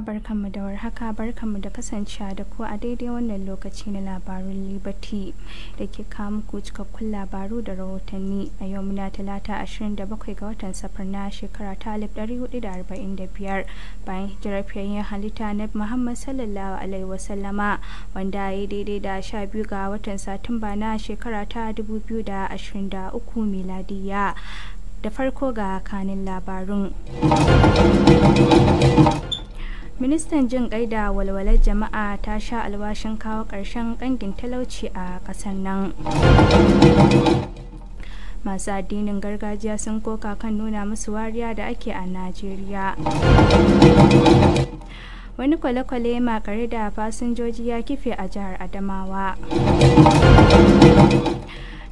barkanmu da warhaka barkanmu da kasancewa da ku a daidai wannan lokaci na labarun liberty da ke kawo muku cikakkun labaru da rahotanni a yau muna talata 27 ga watan safar na shekara ta 1445 bayan hijirar fiyayyen halitta na muhammad sallallahu alaihi wasallama wanda ya daidai da 12 ga watan satumba na shekara ta 2023 miladiya da farko ga kanin labarun ministan jin da walwalar jama'a ta sha alwashin kawo ƙarshen ƙangin talauci a ƙasar nan masu addinin gargajiya sun koka kan nuna musu wariya da ake a najeriya wani kwale-kwale makare da fasinjoji ya kife a jihar adamawa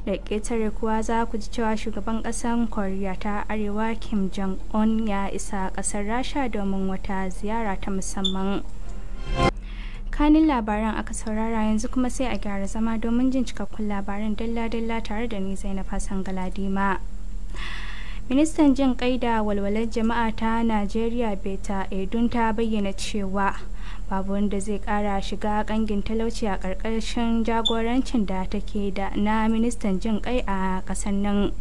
da ƙetare kuwa za ku ji cewa shugaban ƙasar koriya ta arewa kim jong-un ya isa ƙasar rasha domin wata ziyara ta musamman kanin labaran aka saurara yanzu kuma sai a gyara zama domin jin cikakkun labaran dalla-dalla tare da ni zainab hassan galadima ministan jin kai da walwalar jama'a ta najeriya beta edun ta bayyana cewa babu wanda zai kara shiga kangin talauci a ƙarƙashin jagorancin da take da na ministan jin kai a ƙasar nan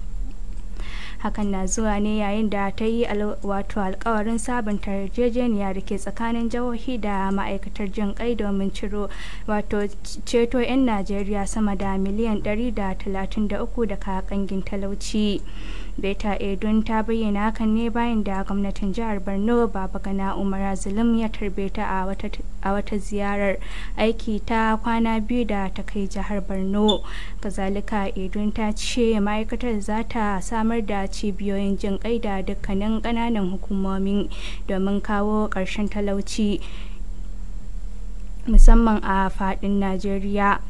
hakan na zuwa ne yayin da ta yi wato alkawarin sabunta yarjejeniya da ke tsakanin jihohi da ma'aikatar jin kai domin ciro wato ceto 'yan najeriya sama da miliyan 133 daga kangin talauci beta don ta bayyana hakan ne bayan da gwamnatin jihar borno baba gana umar zulum ya tarbe ta a wata a wata ziyarar aiki ta kwana biyu da ta kai jihar borno kazalika edun ta ce ma'aikatar za ta samar da cibiyoyin jin kai da dukkanin kananan hukumomin domin kawo ƙarshen talauci musamman a fadin najeriya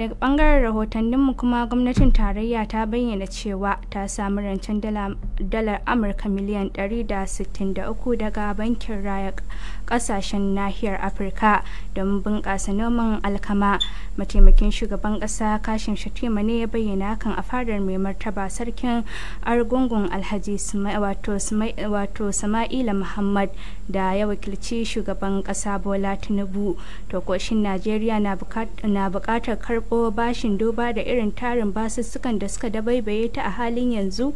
daga bangaren rahotanninmu kuma gwamnatin tarayya ta bayyana cewa ta samu rancen dalar amurka miliyan 163 daga bankin raya kasashen nahiyar afirka don bunƙasa noman alkama mataimakin shugaban ƙasa kashin shatima ne ya bayyana hakan a fadar mai martaba sarkin argungun alhaji wato sama'ila muhammad da ya wakilci shugaban ƙasa bola tinubu to koshin najeriya na buƙatar bashin doba da irin tarin basussukan da suka dabaibaye ta a halin yanzu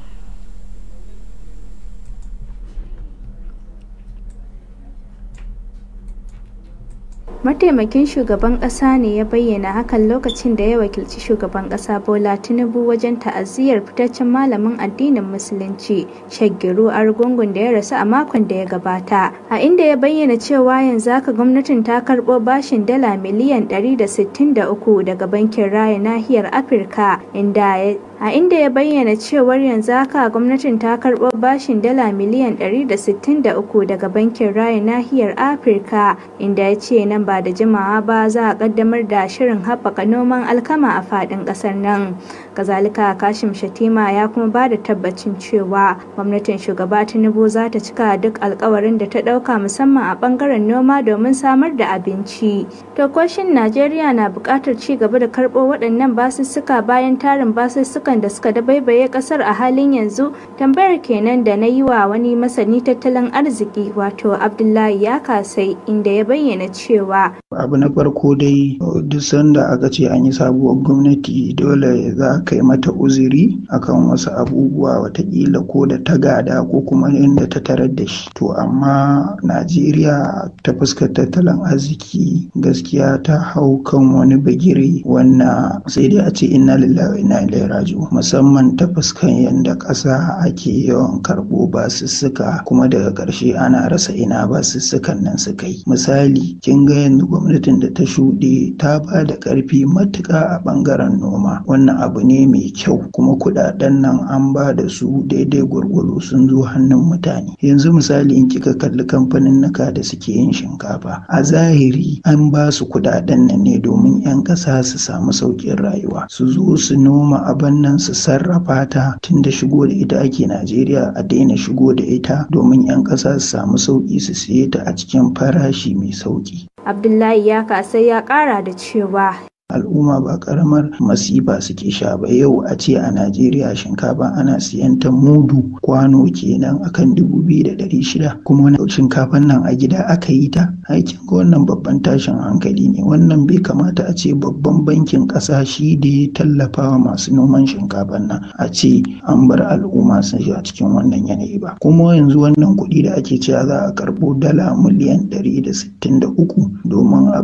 mataimakin shugaban ƙasa ne ya bayyana hakan lokacin da ya wakilci shugaban ƙasa bola tinubu wajen ta'aziyyar fitaccen malamin addinin musulunci shaggiru argungun da ya rasu a makon da ya gabata a inda ya bayyana cewa yanzu haka gwamnatin ta karbo bashin dala miliyan 163 daga bankin raya nahiyar afirka inda a inda ya bayyana cewar yanzu haka gwamnatin ta karɓo bashin dala miliyan 163 daga bankin raya nahiyar afirka inda ya ce nan ba da jimawa ba za a kaddamar da shirin haɓaka noman alkama a faɗin ƙasar nan kazalika kashim shatima ya kuma ba da tabbacin cewa gwamnatin shugaba tinubu za ta cika duk alkawarin da ta ɗauka musamman a ɓangaren noma domin samar da abinci to koshin najeriya na buƙatar ci gaba da karɓo waɗannan basussuka bayan tarin basussuka cututtukan da suka dabaibaye kasar a halin yanzu tambayar kenan da na yi wa wani masani tattalin arziki wato abdullahi ya kasai inda ya bayyana cewa abu na farko dai duk sanda aka ce an yi sabuwar gwamnati dole za ka yi mata uzuri akan wasu abubuwa watakila ko da ta gada ko kuma inda ta tarar da shi to amma najeriya ta fuskar tattalin arziki gaskiya ta hau kan wani bagire wannan sai dai a ce inna lillahi inna ilaihi raji'un musamman ta fuskar yadda ƙasa ake yawan karɓo basussuka kuma daga ƙarshe ana rasa ina basussukan nan suka yi misali kin ga yanzu gwamnatin da ta shuɗe ta ba da ƙarfi matuƙa a ɓangaren noma wannan abu ne mai kyau kuma kuɗaɗen nan an ba da su daidai gwargwado sun zo hannun mutane yanzu misali in kika kalli kamfanin naka da suke yin shinkafa a zahiri an ba su kuɗaɗen nan ne domin 'yan ƙasa su samu sauƙin rayuwa su zo su noma abin nan su sarrafa ta tunda shigo da ita ake najeriya a daina shigo da ita domin 'yan ƙasa su samu sauƙi su siye ta a cikin farashi mai sauƙi abdullahi ya kasai ya kara da cewa al'umma ba karamar masifa suke sha ba yau a ce a najeriya shinkafa ana siyan ta mudu kwano kenan akan dubu biyu da ɗari shida kuma wani shinkafan nan a gida aka yi ta aikin ga wannan babban tashin hankali ne wannan bai kamata a ce babban bankin ƙasa shi da ya tallafawa masu noman shinkafa nan a ce an bar al'umma sun shiga cikin wannan yanayi ba kuma yanzu wannan kuɗi da ake cewa za a karɓo dala miliyan ɗari da sittin da uku domin a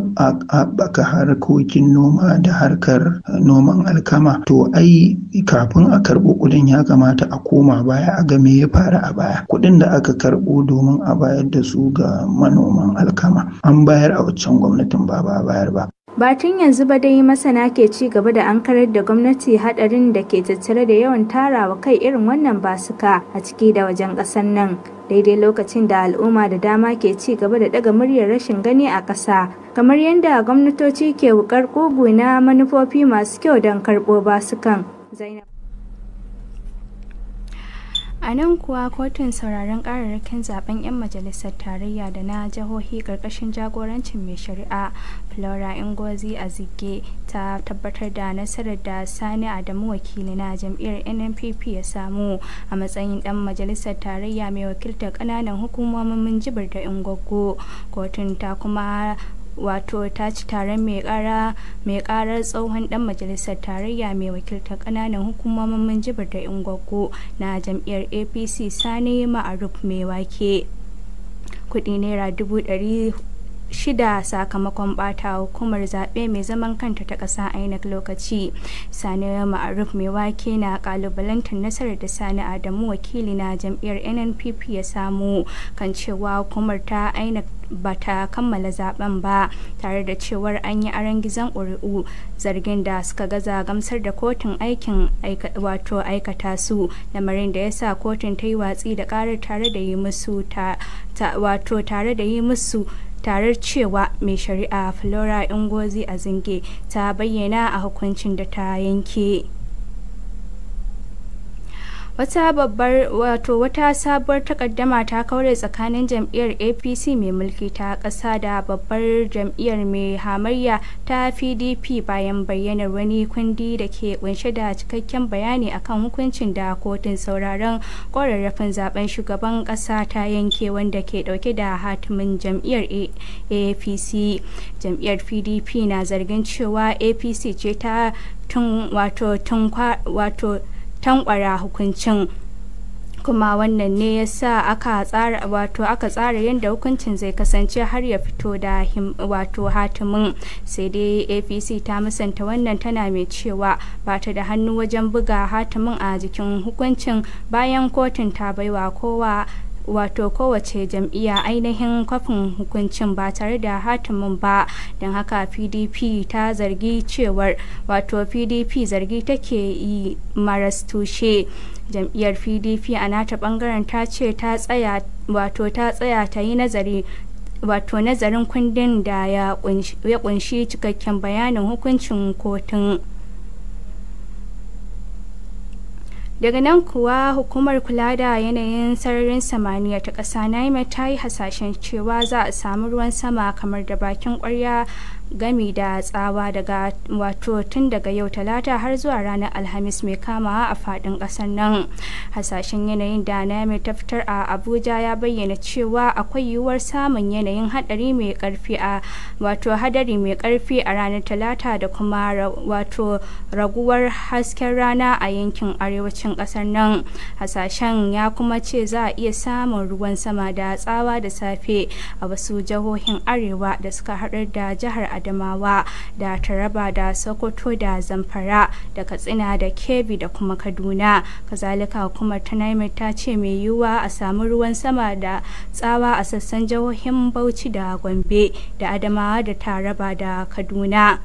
haɓaka harkokin noma kuma da harkar noman alkama to ai kafin a karɓo kuɗin ya kamata a koma baya a ga me ya fara a baya kuɗin da aka karɓo domin a bayar da su ga manoman alkama an bayar a waccan gwamnatin ba ba bayar ba Batun yanzu ba dai masana ke ci gaba da ankarar da gwamnati hadarin da ke tattare da yawan tarawa kai irin wannan basuka a ciki da wajen ƙasar nan. daidai lokacin da al'umma da dama ke ci gaba da daga muryar rashin gani a ƙasa kamar yadda gwamnatoci ke wukar ƙugu na manufofi masu kyau don karɓo basukan zainab a nan kuwa kotun sauraron kararrakin zaben 'yan majalisar tarayya da na jihohi ƙarƙashin jagorancin mai shari'a flora ingozi a zige ta tabbatar da nasarar da sani adamu wakili na jam'iyyar nnpp ya samu a matsayin dan majalisar tarayya mai wakiltar ƙananan hukumomin jibir da ingoggo kotun ta kuma wato ta ci taron mai kara mai karar tsohon dan majalisar tarayya mai wakiltar kananan hukumomin jibir da ingwaggo na jam'iyyar apc sani ma'aruf mai wake kudi naira dubu ɗari shida sakamakon bata hukumar zaɓe mai zaman kanta ta ƙasa inec lokaci sani ma'aruf mai wake na kalubalantar nasarar da sani adamu wakili na jam'iyyar nnpp ya samu kan cewa hukumar ta inec ba ta kammala zaben ba tare da cewar an yi aron gizon ƙuri'u zargin da suka gaza gamsar da kotun aikin wato aikata su lamarin da ya sa kotun ta yi watsi da karar tare da yi musu ta wato tare da yi musu tarar cewa mai shari'a flora ingozi zinge ta bayyana a hukuncin da ta yanke wata babbar wato wata sabuwar takaddama ta kaure tsakanin jam'iyyar apc mai mulki ta ƙasa da babbar jam'iyyar mai hamayya ta pdp bayan bayyanar wani kundi da ke kunshe da cikakken bayani akan hukuncin da kotun sauraron ƙorarrafin zaben shugaban ƙasa ta yanke wanda ke ɗauke da hatimin jam'iyyar apc jam'iyyar pdp na zargin cewa apc ce ta tun wato tun wato tankwara hukuncin kuma wannan ne ya sa aka tsara wato aka tsara yadda hukuncin zai kasance har ya fito da wato hatimin sai dai apc ta musanta wannan tana mai cewa ba ta da hannu wajen buga hatimin a jikin hukuncin bayan kotun ta baiwa kowa wato kowace jam'iyya ainihin kwafin hukuncin ba tare da hatimin ba don haka pdp ta zargi cewar wato pdp zargi take yi maras tushe jam'iyyar pdp a nata bangaren ta ce ta tsaya wato ta tsaya ta yi nazari wato nazarin kundin da ya kunshi cikakken bayanin hukuncin kotun daga nan kuwa hukumar kula da yanayin sararin samaniya ta ƙasa naima ta yi hasashen cewa za a samu ruwan sama kamar da bakin ƙwarya gami da tsawa daga wato tun daga yau talata har zuwa ranar alhamis mai kamawa a fadin kasar nan hasashen yanayin da na mai tafitar a abuja ya bayyana cewa akwai yiwuwar samun yanayin hadari mai karfi a wato hadari mai karfi a ranar talata da kuma wato raguwar hasken rana a yankin arewacin kasar nan hasashen ya kuma ce za a iya samun ruwan sama da tsawa da safe a wasu jihohin arewa da suka haɗar da jihar adamawa da taraba da sokoto da zamfara da katsina da kebbi da kuma kaduna kazalika kuma ta ta ce mai yiwuwa a samu ruwan sama da tsawa a sassan jihohin bauchi da gombe da adamawa da taraba da kaduna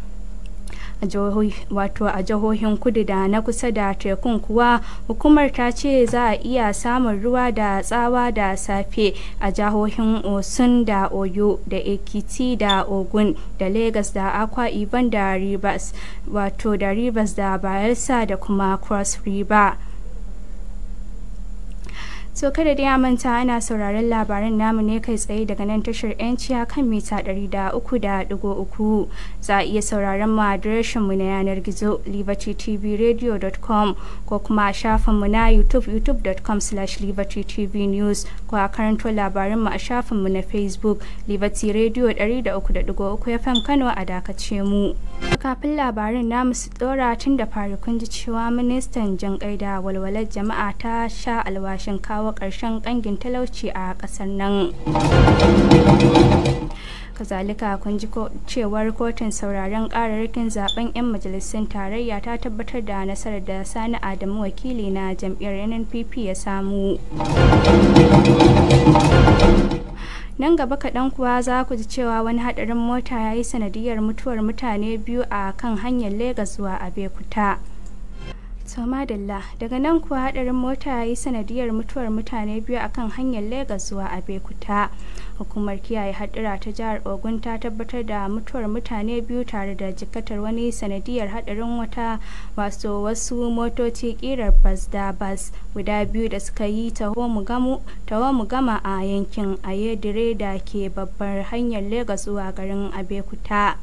wato a jihohin kudu da na kusa da tekun kuwa hukumar ta ce za a iya samun ruwa da tsawa da safe a jihohin osun da oyo da ekiti da ogun da lagos da akwa iban da rivers wato da rivers da bayelsa da kuma cross river so kada dai a manta ana sauraron labaran namu ne kai tsaye daga nan tashar 'yanciya kan mita 300.3 za a iya sauraron mu mu na yanar gizo libertytvradio.com ko kuma a shafinmu na youtube youtube.com slash libertytvnews ko a karanto labaranmu a shafin mu na facebook liberty radio 300.3 fm kano a dakace mu. kafin labarin namu su dora tun da fari kun ji cewa ministan jan kaida walwalar jama'a ta sha alwashin kawo kawo ƙarshen ƙangin talauci a ƙasar nan kazalika kun ji cewar kotun sauraren ƙararrakin zaben 'yan majalisun tarayya ta tabbatar da nasarar da sani adamu wakili na jam'iyyar nnpp ya samu nan gaba kaɗan kuwa za ku ji cewa wani haɗarin mota ya yi sanadiyar mutuwar mutane biyu a kan hanyar lagos zuwa abekuta Toma Dalla daga nan kuwa hadarin mota ya yi sanadiyar mutuwar mutane biyu a kan hanyar lagos zuwa Abekuta. Hukumar kiyaye hadura ta jihar Ogun ta tabbatar da mutuwar mutane biyu tare da jikatar wani sanadiyar hadarin wata wasu wasu motoci kirar bas da bas guda biyu da suka yi taho mu gama a yankin Ayedire da ke babbar hanyar lagos zuwa garin Abekuta.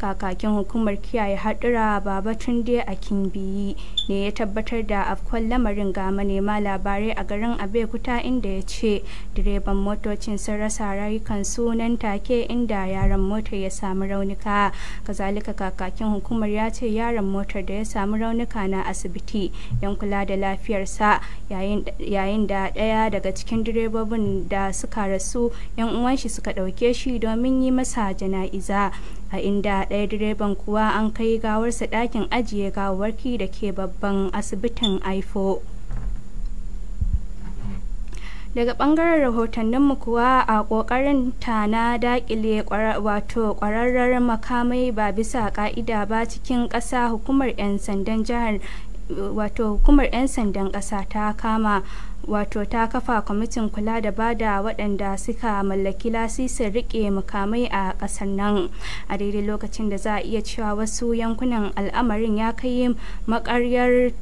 kakakin hukumar kiyaye hadura baba tunde a kimbiyi ne ya tabbatar da afkon lamarin ga manema labarai a garin abekuta inda ya ce direban motocin sun rasa rayukan sunan take inda yaron motar ya samu raunuka kazalika kakakin hukumar ya ce yaron motar da ya samu raunuka na asibiti 'yan kula da lafiyarsa yayin da ɗaya daga cikin direbobin da suka rasu yan uwan shi suka ɗauke shi domin yi masa jana'iza a inda ɗaya direban kuwa an kai gawarsa ɗakin ajiye gawarki da ke babban asibitin aifo daga ɓangaren rahotanninmu kuwa a ƙoƙarin ta na daƙile wato ƙwararrar makamai ba bisa ƙa'ida ba cikin ƙasa hukumar 'yan sandan jihar wato hukumar 'yan sandan ƙasa ta kama wato ta kafa kwamitin kula da bada waɗanda suka mallaki lasisin rike mukamai a ƙasar nan a daidai lokacin da za a iya cewa wasu yankunan al'amarin ya kai makaryar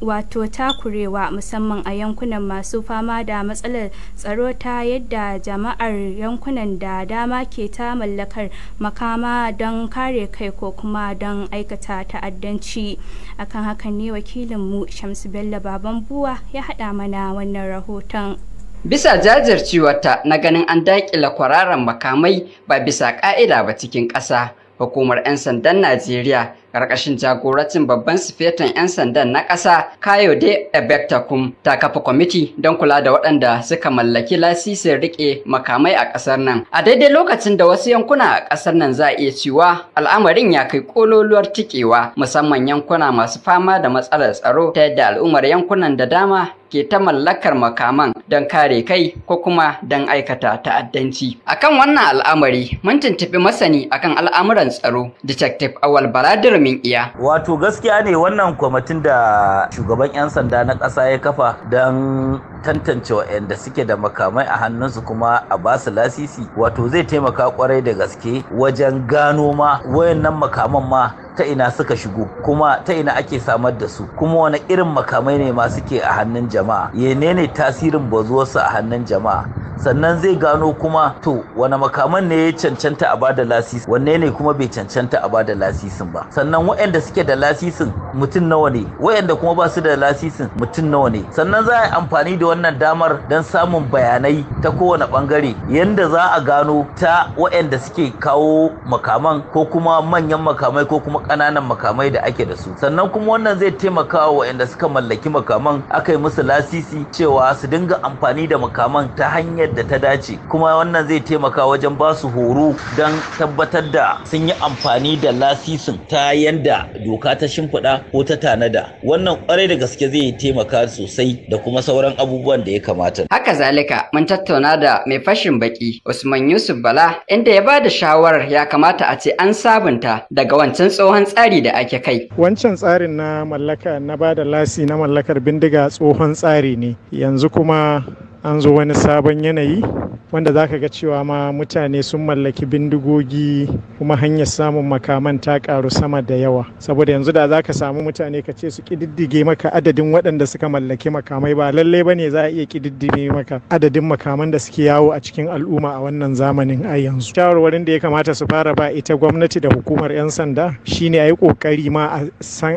wato takurewa musamman a yankunan masu fama da matsalar tsaro ta yadda jama'ar yankunan da dama ke ta mallakar makama don kare kai ko kuma don aikata ta'addanci akan hakan ne wakilin mu shamsu bello baban buwa ya haɗa mana wannan rahoton Bisa jajircewarta na ganin an daƙila kwararan makamai ba bisa ƙa'ida ba cikin ƙasa, hukumar 'yan sandan Najeriya Karkashin jagorancin babban sifetan 'yan sandan na ƙasa de Ebektakum ta kafa kwamiti don kula da waɗanda suka mallaki lasisin riƙe makamai a ƙasar nan. A daidai lokacin da wasu yankuna a ƙasar nan za a iya cewa al'amarin ya kai ƙololuwar tikewa musamman yankuna masu fama da matsalar tsaro ta yadda al'ummar yankunan da dama ke ta mallakar makaman don kare kai ko kuma don aikata ta'addanci. A kan wannan al'amari mun tuntuɓi masani a kan al'amuran tsaro Detective Awal Baradir Min Iya. Wato gaskiya ne wannan kwamitin da shugaban 'yan sanda na ƙasa ya kafa don tantance waɗanda suke da makamai a hannunsu kuma a basu lasisi wato zai taimaka kwarai da gaske wajen gano ma wayannan makaman ma ta ina suka shigo kuma ta ina ake samar da su kuma wani irin makamai ne ma suke a hannun jama'a yenene tasirin bazuwarsu a hannun jama'a sannan zai gano kuma to wani makaman ne ya cancanta a bada lasisi wanne ne kuma bai cancanta a bada lasisin ba sannan waɗanda suke da lasisin mutum nawa ne waɗanda kuma ba su da lasisin mutum nawa ne sannan za a yi amfani da wannan damar don samun bayanai ta kowane ɓangare yadda za a gano ta waɗanda suke kawo makaman ko kuma manyan makamai ko kuma Kananan makamai da ake da su sannan kuma wannan zai taimaka wa waɗanda suka mallaki makaman aka yi musu lasisi cewa su dinga amfani da makaman ta hanyar da ta dace kuma wannan zai taimaka wajen ba su horo don tabbatar da sun yi amfani da lasisin ta yanda doka ta shimfiɗa ko ta tanada wannan kwarai da gaske zai taimaka sosai da kuma sauran abubuwan da ya kamata haka zalika mun tattauna da mai fashin baki Usman Yusuf Bala inda ya ba da shawarar ya kamata a ce an sabunta daga wancan tsohon tsohon tsari da ake kai. Wancan tsarin na mallaka na ba da lasi na mallakar bindiga tsohon tsari ne yanzu kuma an zo wani sabon yanayi wanda za ka ga cewa ma mutane sun mallaki bindigogi kuma hanyar samun makaman ta karu sama da yawa saboda yanzu da za ka samu mutane ka ce su kididdige maka adadin waɗanda suka mallaki makamai ba lallai ba ne za a iya kididdige maka adadin makaman da suke yawo a cikin al'umma a wannan zamanin a yanzu shawarwarin da ya kamata su fara ba ita gwamnati da hukumar 'yan sanda shine a yi kokari ma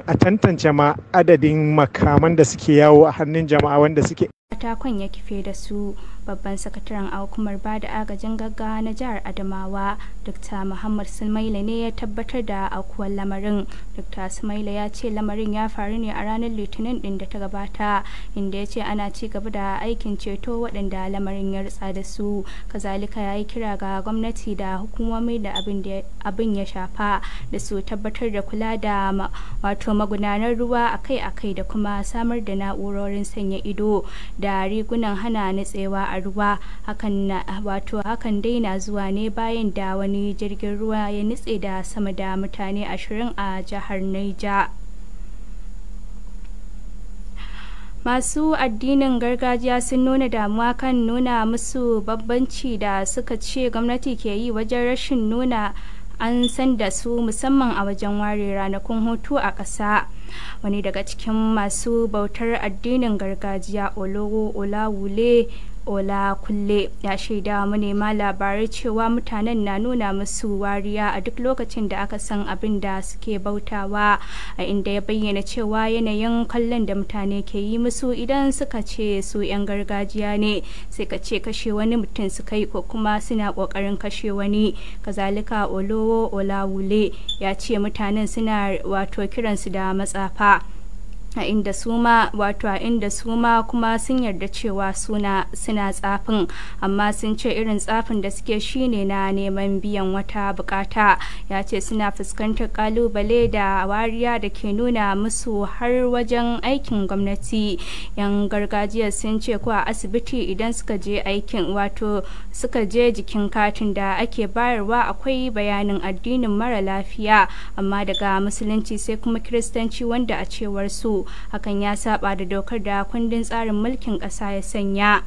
a tantance ma adadin makaman da suke yawo a hannun jama'a wanda suke ta ya kife da su babban sakataren hukumar ba da agajin gaggawa na jihar adamawa dr muhammad sumaila ne ya tabbatar da aukuwar lamarin dr sumaila ya ce lamarin ya faru ne a ranar litinin din da ta gabata inda ya ce ana ci gaba da aikin ceto waɗanda lamarin ya rutsa da su kazalika ya yi kira ga gwamnati da hukumomi da abin ya shafa da su tabbatar da kula da wato magudanar ruwa akai-akai da kuma samar da na'urorin sanya ido da rigunan hana nutsewa a ruwa hakan na wato hakan dai na zuwa ne bayan da wani jirgin ruwa ya nutse da sama da mutane ashirin a jihar Niger. masu addinin gargajiya sun nuna damuwa kan nuna musu babbanci da suka ce gwamnati ke yi wajen rashin nuna an san da su musamman a wajen ware ranakun hutu a ƙasa wani daga cikin masu bautar addinin gargajiya olowo olawule ola kulle ya shaida manema labarai cewa mutanen na nuna musu wariya a duk lokacin da aka san abin da suke bautawa a inda ya bayyana cewa yanayin kallon da mutane ke yi musu idan suka ce su 'yan gargajiya ne sai ka ce kashe wani mutum suka yi ko kuma suna kokarin kashe wani kazalika olowo olawule ya ce mutanen suna wato kiransu da matsafa a inda su ma wato a inda su kuma sun yarda cewa suna suna tsafin amma sun ce irin tsafin da suke shine na neman biyan wata bukata ya ce suna fuskantar kalubale da wariya da ke nuna musu har wajen aikin gwamnati yan gargajiya sun ce ko a asibiti idan suka je aikin wato suka je jikin katin da ake bayarwa akwai bayanin addinin mara lafiya amma daga musulunci sai kuma kiristanci wanda a cewar su hakan ya saba da dokar da kundin tsarin mulkin ƙasa ya sanya